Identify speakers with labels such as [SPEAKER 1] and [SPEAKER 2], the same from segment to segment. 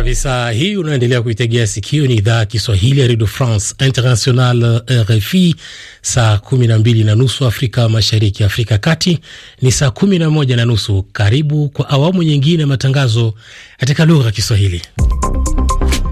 [SPEAKER 1] kabisa. Hii unaendelea kuitegea sikio, ni idhaa ya Kiswahili ya redio France International, RFI. Saa kumi na mbili na nusu Afrika Mashariki, Afrika Kati ni saa kumi na moja na nusu. Karibu kwa awamu nyingine ya matangazo katika lugha ya Kiswahili.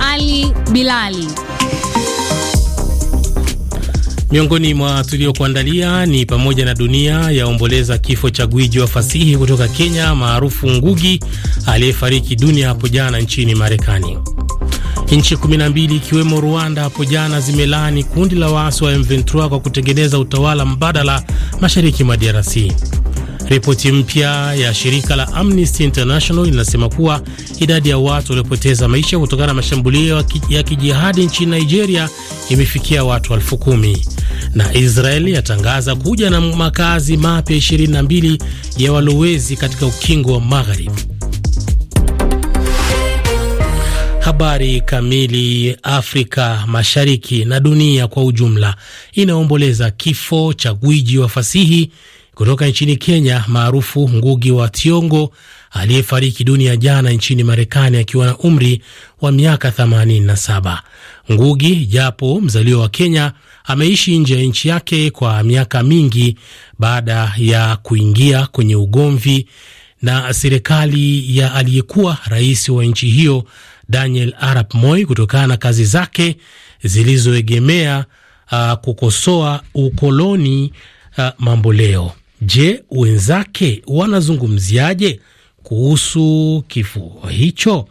[SPEAKER 2] Ali Bilali
[SPEAKER 1] Miongoni mwa tuliokuandalia ni pamoja na dunia yaomboleza kifo cha gwiji wa fasihi kutoka Kenya maarufu Ngugi aliyefariki dunia hapo jana nchini Marekani. Nchi 12 ikiwemo Rwanda hapo jana zimelaani kundi la waasi wa M23 kwa kutengeneza utawala mbadala mashariki mwa DRC. Ripoti mpya ya shirika la Amnesty International inasema kuwa idadi ya watu waliopoteza maisha kutokana na mashambulio ya kijihadi nchini Nigeria imefikia watu elfu kumi na Israel yatangaza kuja na makazi mapya 22 ya walowezi katika ukingo wa Magharibi. Habari kamili. Afrika Mashariki na dunia kwa ujumla inaomboleza kifo cha gwiji wa fasihi kutoka nchini Kenya maarufu Ngugi wa Thiong'o aliyefariki dunia jana nchini Marekani akiwa na umri wa miaka 87. Ngugi, japo mzaliwa wa Kenya, ameishi nje ya nchi yake kwa miaka mingi baada ya kuingia kwenye ugomvi na serikali ya aliyekuwa rais wa nchi hiyo Daniel Arap Moi kutokana na kazi zake zilizoegemea uh, kukosoa ukoloni uh, mambo leo. Je, wenzake wanazungumziaje kuhusu kifo hicho?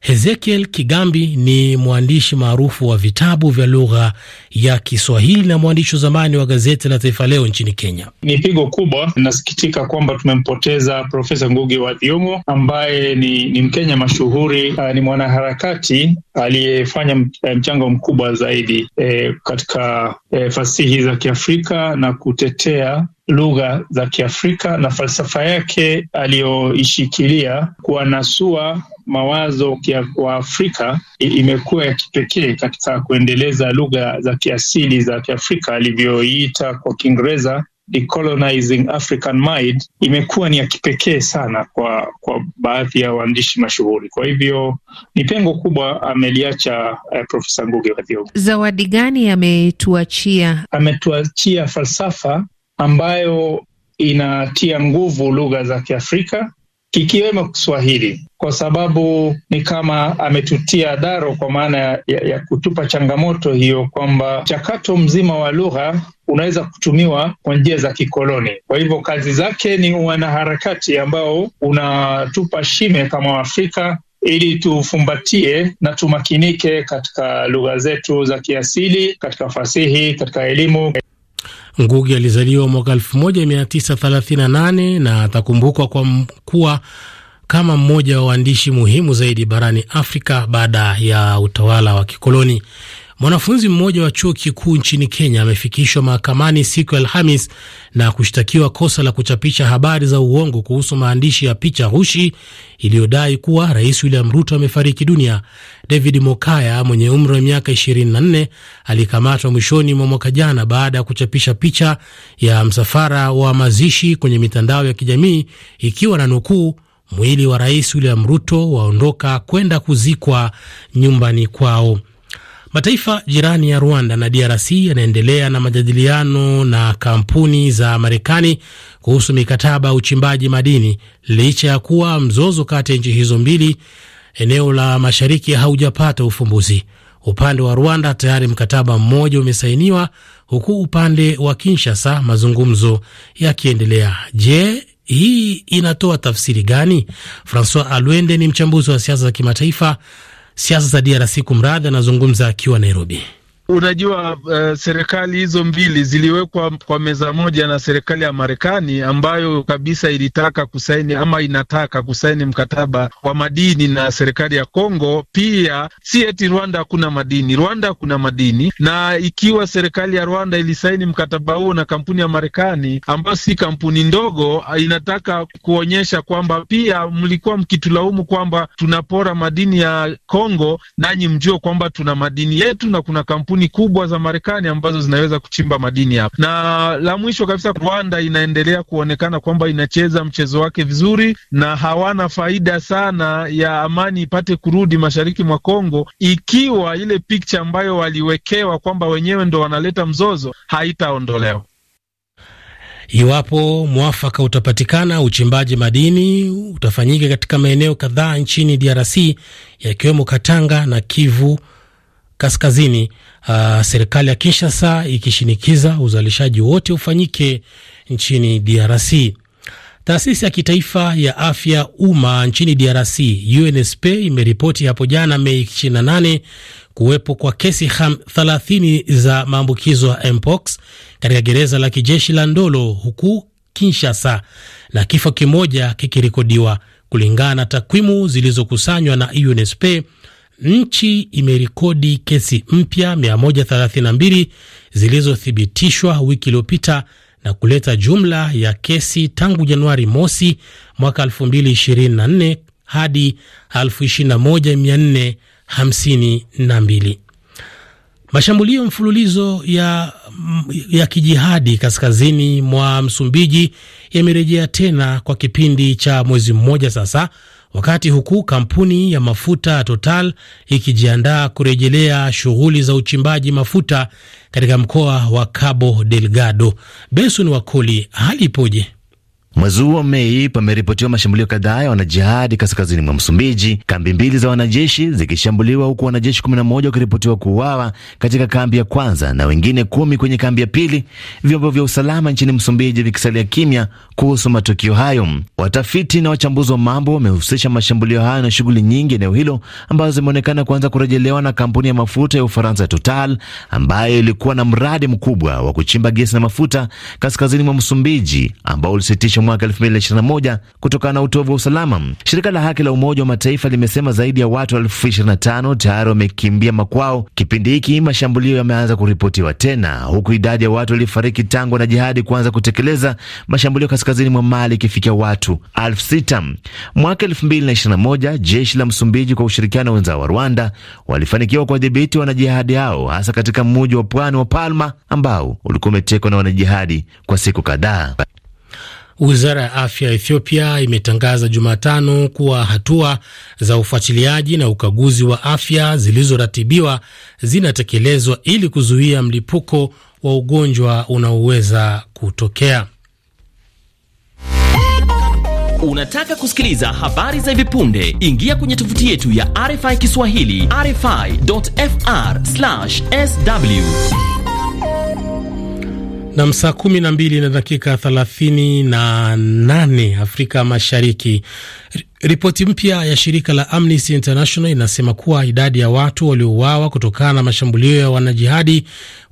[SPEAKER 1] Hezekiel Kigambi ni mwandishi maarufu wa vitabu vya lugha ya Kiswahili na mwandishi wa zamani wa gazeti la Taifa Leo nchini Kenya.
[SPEAKER 2] Ni pigo kubwa, inasikitika kwamba tumempoteza Profesa Ngugi wa Thiong'o ambaye ni, ni Mkenya mashuhuri, ah, ni mwanaharakati aliyefanya eh, mchango mkubwa zaidi e, katika e, fasihi za Kiafrika na kutetea lugha za Kiafrika na falsafa yake aliyoishikilia kuwanasua mawazo wa Afrika imekuwa ya kipekee katika kuendeleza lugha za kiasili za Kiafrika alivyoiita kwa Kiingereza Decolonizing African Mind imekuwa ni ya kipekee sana kwa kwa baadhi ya waandishi mashuhuri. Kwa hivyo ni pengo kubwa ameliacha eh, Profesa nguge wadhiogo
[SPEAKER 3] Zawadi gani ametuachia?
[SPEAKER 2] Ametuachia falsafa ambayo inatia nguvu lugha za Kiafrika kikiwemo Kiswahili kwa sababu ni kama ametutia daro kwa maana ya, ya kutupa changamoto hiyo kwamba mchakato mzima wa lugha unaweza kutumiwa kwa njia za kikoloni. Kwa hivyo kazi zake ni wanaharakati ambao unatupa shime kama Waafrika ili tufumbatie na tumakinike katika lugha zetu za kiasili, katika fasihi, katika elimu.
[SPEAKER 1] Ngugi alizaliwa mwaka 1938 na atakumbukwa kwa kuwa kama mmoja wa waandishi muhimu zaidi barani Afrika baada ya utawala wa kikoloni. Mwanafunzi mmoja wa chuo kikuu nchini Kenya amefikishwa mahakamani siku ya Alhamis na kushtakiwa kosa la kuchapisha habari za uongo kuhusu maandishi ya picha ghushi iliyodai kuwa Rais William Ruto amefariki dunia. David Mokaya mwenye umri wa miaka 24 alikamatwa mwishoni mwa mwaka jana baada ya kuchapisha picha ya msafara wa mazishi kwenye mitandao ya kijamii ikiwa na nukuu mwili wa Rais William Ruto waondoka kwenda kuzikwa nyumbani kwao. Mataifa jirani ya Rwanda na DRC yanaendelea na majadiliano na kampuni za Marekani kuhusu mikataba ya uchimbaji madini licha ya kuwa mzozo kati ya nchi hizo mbili eneo la mashariki haujapata ufumbuzi. Upande wa Rwanda tayari mkataba mmoja umesainiwa, huku upande wa Kinshasa mazungumzo yakiendelea. Je, hii inatoa tafsiri gani? Francois Alwende ni mchambuzi wa siasa za kimataifa siasa za DRC. Kumradhi, anazungumza akiwa Nairobi.
[SPEAKER 2] Unajua uh, serikali hizo mbili ziliwekwa kwa meza moja na serikali ya Marekani ambayo kabisa ilitaka kusaini ama inataka kusaini mkataba wa madini na serikali ya Kongo. Pia si eti Rwanda hakuna madini, Rwanda kuna madini, na ikiwa serikali ya Rwanda ilisaini mkataba huo na kampuni ya Marekani ambayo si kampuni ndogo, inataka kuonyesha kwamba pia mlikuwa mkitulaumu kwamba tunapora madini ya Kongo, nanyi mjue kwamba tuna madini yetu na kuna kampuni kampuni kubwa za Marekani ambazo zinaweza kuchimba madini hapa. Na la mwisho kabisa, Rwanda inaendelea kuonekana kwamba inacheza mchezo wake vizuri na hawana faida sana ya amani ipate kurudi mashariki mwa Kongo, ikiwa ile picha ambayo waliwekewa kwamba wenyewe ndo wanaleta mzozo haitaondolewa.
[SPEAKER 1] Iwapo mwafaka utapatikana, uchimbaji madini utafanyika katika maeneo kadhaa nchini DRC yakiwemo Katanga na Kivu kaskazini, uh, serikali ya Kinshasa ikishinikiza uzalishaji wote ufanyike nchini DRC. Taasisi ya kitaifa ya afya umma nchini DRC UNSP imeripoti hapo jana Mei 28 kuwepo kwa kesi 30 za maambukizo ya mpox katika gereza la kijeshi la Ndolo huku Kinshasa, na kifo kimoja kikirekodiwa, kulingana na takwimu zilizokusanywa na UNSP nchi imerekodi kesi mpya 132 zilizothibitishwa wiki iliyopita na kuleta jumla ya kesi tangu Januari mosi mwaka 2024 hadi 21452. Mashambulio mfululizo ya, ya kijihadi kaskazini mwa Msumbiji yamerejea tena kwa kipindi cha mwezi mmoja sasa wakati huku kampuni ya mafuta Total ikijiandaa kurejelea shughuli za uchimbaji mafuta katika mkoa wa Cabo Delgado. Benson Wakoli, hali ipoje?
[SPEAKER 3] Mwezi huo Mei pameripotiwa mashambulio kadhaa ya wanajihadi kaskazini mwa Msumbiji, kambi mbili za wanajeshi zikishambuliwa, huku wanajeshi 11 wakiripotiwa kuuawa katika kambi ya kwanza na wengine kumi kwenye kambi ya pili, vyombo vya usalama nchini Msumbiji vikisalia kimya kuhusu matukio hayo. Watafiti na wachambuzi wa mambo wamehusisha mashambulio hayo na shughuli nyingi eneo hilo ambazo zimeonekana kuanza kurejelewa na kampuni ya mafuta ya Ufaransa Total ambayo ilikuwa na mradi mkubwa wa kuchimba gesi na mafuta kaskazini mwa Msumbiji ambao ulisitisha mwaka 2021 kutokana na utovu wa usalama. Shirika la haki la Umoja wa Mataifa limesema zaidi ya watu elfu 25 tayari wamekimbia makwao. Kipindi hiki mashambulio yameanza kuripotiwa tena, huku idadi ya watu waliofariki tangu wanajihadi kuanza kutekeleza mashambulio kaskazini mwa Mali ikifikia watu elfu Mwaka 2021 jeshi la Msumbiji kwa ushirikiano wenzao wa Rwanda walifanikiwa kuwadhibiti wanajihadi hao hasa katika mji wa pwani wa Palma ambao ulikuwa umetekwa na wanajihadi kwa siku kadhaa.
[SPEAKER 1] Wizara ya afya ya Ethiopia imetangaza Jumatano kuwa hatua za ufuatiliaji na ukaguzi wa afya zilizoratibiwa zinatekelezwa ili kuzuia mlipuko wa ugonjwa unaoweza kutokea. Unataka kusikiliza habari za hivi punde? Ingia kwenye
[SPEAKER 3] tovuti yetu ya RFI Kiswahili, rfi.fr/sw
[SPEAKER 1] Nam, saa kumi na mbili na dakika thelathini na nane Afrika Mashariki. Ripoti mpya ya shirika la Amnesty International inasema kuwa idadi ya watu waliouawa kutokana na mashambulio ya wanajihadi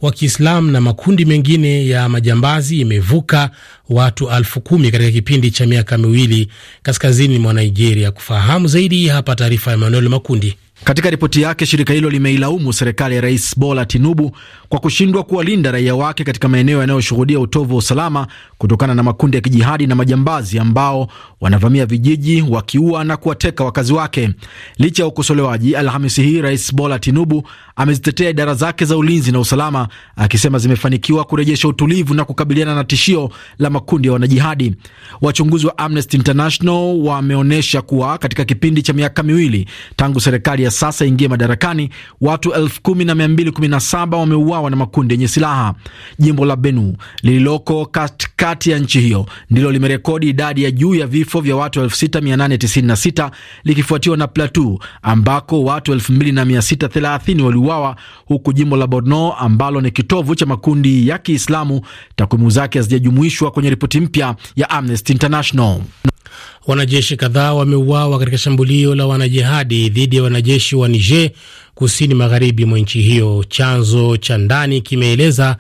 [SPEAKER 1] wa Kiislamu na makundi mengine ya majambazi imevuka watu elfu kumi katika kipindi cha miaka miwili kaskazini mwa Nigeria. Kufahamu zaidi, hapa taarifa
[SPEAKER 4] ya manuel Makundi. Katika ripoti yake, shirika hilo limeilaumu serikali ya Rais Bola Tinubu kwa kushindwa kuwalinda raia wake katika maeneo yanayoshuhudia utovu wa usalama kutokana na makundi ya kijihadi na majambazi ambao wanavamia vijiji wakiua na kuwateka wakazi wake. Licha ya ukosolewaji, Alhamisi hii Rais Bola Tinubu amezitetea idara zake za ulinzi na usalama, akisema zimefanikiwa kurejesha utulivu na kukabiliana na tishio la makundi ya wanajihadi. Wachunguzi wa Amnesty International wameonyesha kuwa katika kipindi cha miaka miwili tangu serikali ya sasa ingie madarakani, watu 10217 wameuawa na makundi yenye silaha. Jimbo la benu lililoko katikati ya nchi hiyo ndilo limerekodi idadi ya juu ya vifo vya watu 6896 likifuatiwa na Plateau ambako watu 2630 waliuawa, huku jimbo la Borno ambalo ni kitovu cha makundi ya Kiislamu takwimu zake hazijajumuishwa kwenye ripoti mpya ya Amnesty International.
[SPEAKER 1] Wanajeshi kadhaa wameuawa katika shambulio la wanajihadi dhidi ya wanajeshi wa Niger kusini magharibi mwa nchi hiyo, chanzo cha ndani kimeeleza,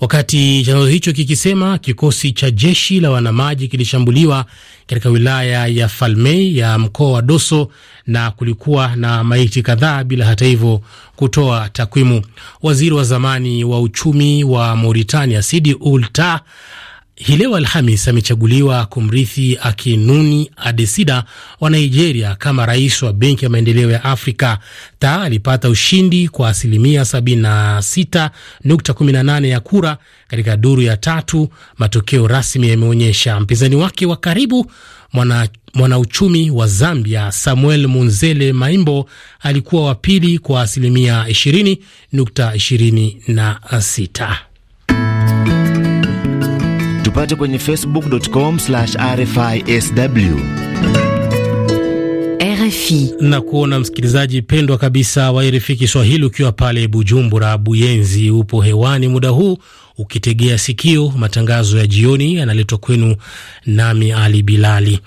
[SPEAKER 1] wakati chanzo hicho kikisema kikosi cha jeshi la wanamaji kilishambuliwa katika wilaya ya falmei ya mkoa wa Doso na kulikuwa na maiti kadhaa, bila hata hivyo kutoa takwimu. Waziri wa zamani wa uchumi wa Mauritania Sidi Ould Tah hii leo Alhamis amechaguliwa kumrithi Akinuni adesida wa Nigeria kama rais wa Benki ya Maendeleo ya Afrika. Ta alipata ushindi kwa asilimia 76.18 ya kura katika duru ya tatu, matokeo rasmi yameonyesha. Mpinzani wake wa karibu mwana mwanauchumi wa Zambia Samuel Munzele Maimbo alikuwa wa pili kwa asilimia 20.26
[SPEAKER 3] tupate kwenye facebook.com rfisw
[SPEAKER 1] Na kuona msikilizaji pendwa kabisa wa RFI Kiswahili ukiwa pale Bujumbura Buyenzi, upo hewani muda huu ukitegea sikio matangazo ya jioni yanaletwa kwenu, nami Ali Bilali.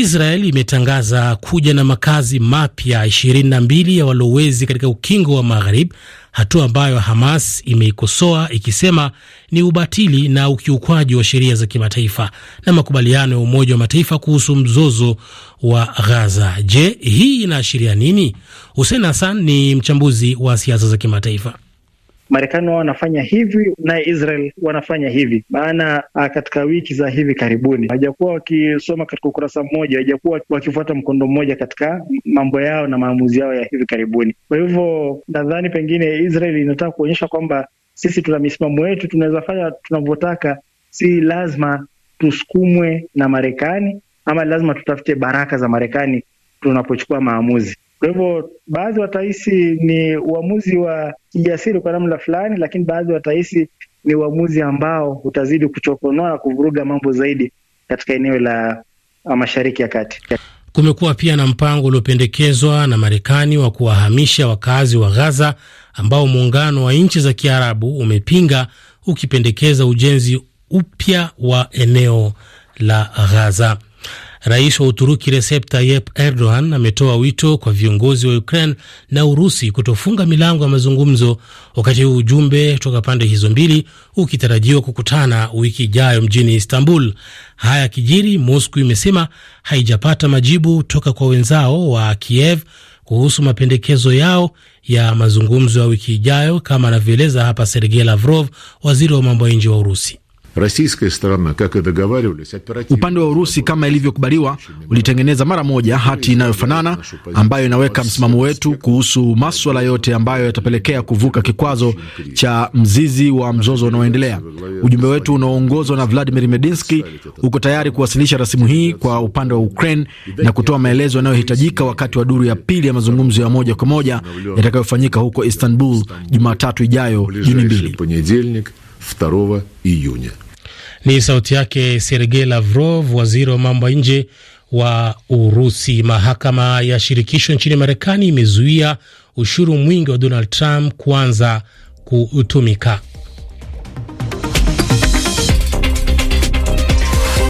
[SPEAKER 1] Israel imetangaza kuja na makazi mapya 22 ya walowezi katika ukingo wa Magharibi, hatua ambayo Hamas imeikosoa ikisema ni ubatili na ukiukwaji wa sheria za kimataifa na makubaliano ya Umoja wa Mataifa kuhusu mzozo wa Gaza. Je, hii inaashiria nini? Hussein Hassan ni mchambuzi wa siasa za kimataifa.
[SPEAKER 2] Marekani wao wanafanya hivi na Israel wanafanya hivi. Maana ah, katika wiki za hivi karibuni hawajakuwa wakisoma katika ukurasa mmoja, hawajakuwa wakifuata mkondo mmoja katika mambo yao na maamuzi yao ya hivi karibuni. Kwa hivyo nadhani pengine Israel inataka kuonyesha kwamba sisi tuna misimamo yetu, tunaweza fanya tunavyotaka, si lazima tusukumwe na Marekani ama lazima tutafute baraka za Marekani tunapochukua maamuzi. Kwa hivyo baadhi watahisi ni uamuzi wa kijasiri kwa namna fulani, lakini baadhi watahisi ni uamuzi ambao utazidi kuchokonoa na kuvuruga mambo zaidi katika eneo la Mashariki ya Kati.
[SPEAKER 1] Kumekuwa pia na mpango uliopendekezwa na Marekani wa kuwahamisha wakazi wa Gaza ambao muungano wa nchi za Kiarabu umepinga ukipendekeza ujenzi upya wa eneo la Gaza. Rais wa Uturuki Recep Tayyip Erdogan ametoa wito kwa viongozi wa Ukraine na Urusi kutofunga milango ya mazungumzo, wakati huu ujumbe toka pande hizo mbili ukitarajiwa kukutana wiki ijayo mjini Istanbul. Haya kijiri, Moscow imesema haijapata majibu toka kwa wenzao wa Kiev kuhusu mapendekezo yao ya mazungumzo ya wiki ijayo, kama anavyoeleza
[SPEAKER 4] hapa Sergei Lavrov, waziri wa mambo ya nje wa Urusi. Upande wa Urusi kama ilivyokubaliwa, ulitengeneza mara moja hati inayofanana ambayo inaweka msimamo wetu kuhusu maswala yote ambayo yatapelekea kuvuka kikwazo cha mzizi wa mzozo unaoendelea. Ujumbe wetu unaoongozwa na Vladimir medinski uko tayari kuwasilisha rasimu hii kwa upande wa Ukraine na kutoa maelezo yanayohitajika wakati wa duru ya pili ya mazungumzo ya moja kwa moja yatakayofanyika huko Istanbul Jumatatu ijayo Juni mbili.
[SPEAKER 3] 2 июня.
[SPEAKER 1] Ni sauti yake Sergei Lavrov, waziri wa mambo ya nje wa Urusi. Mahakama ya shirikisho nchini Marekani imezuia ushuru mwingi wa Donald Trump kuanza
[SPEAKER 2] kutumika.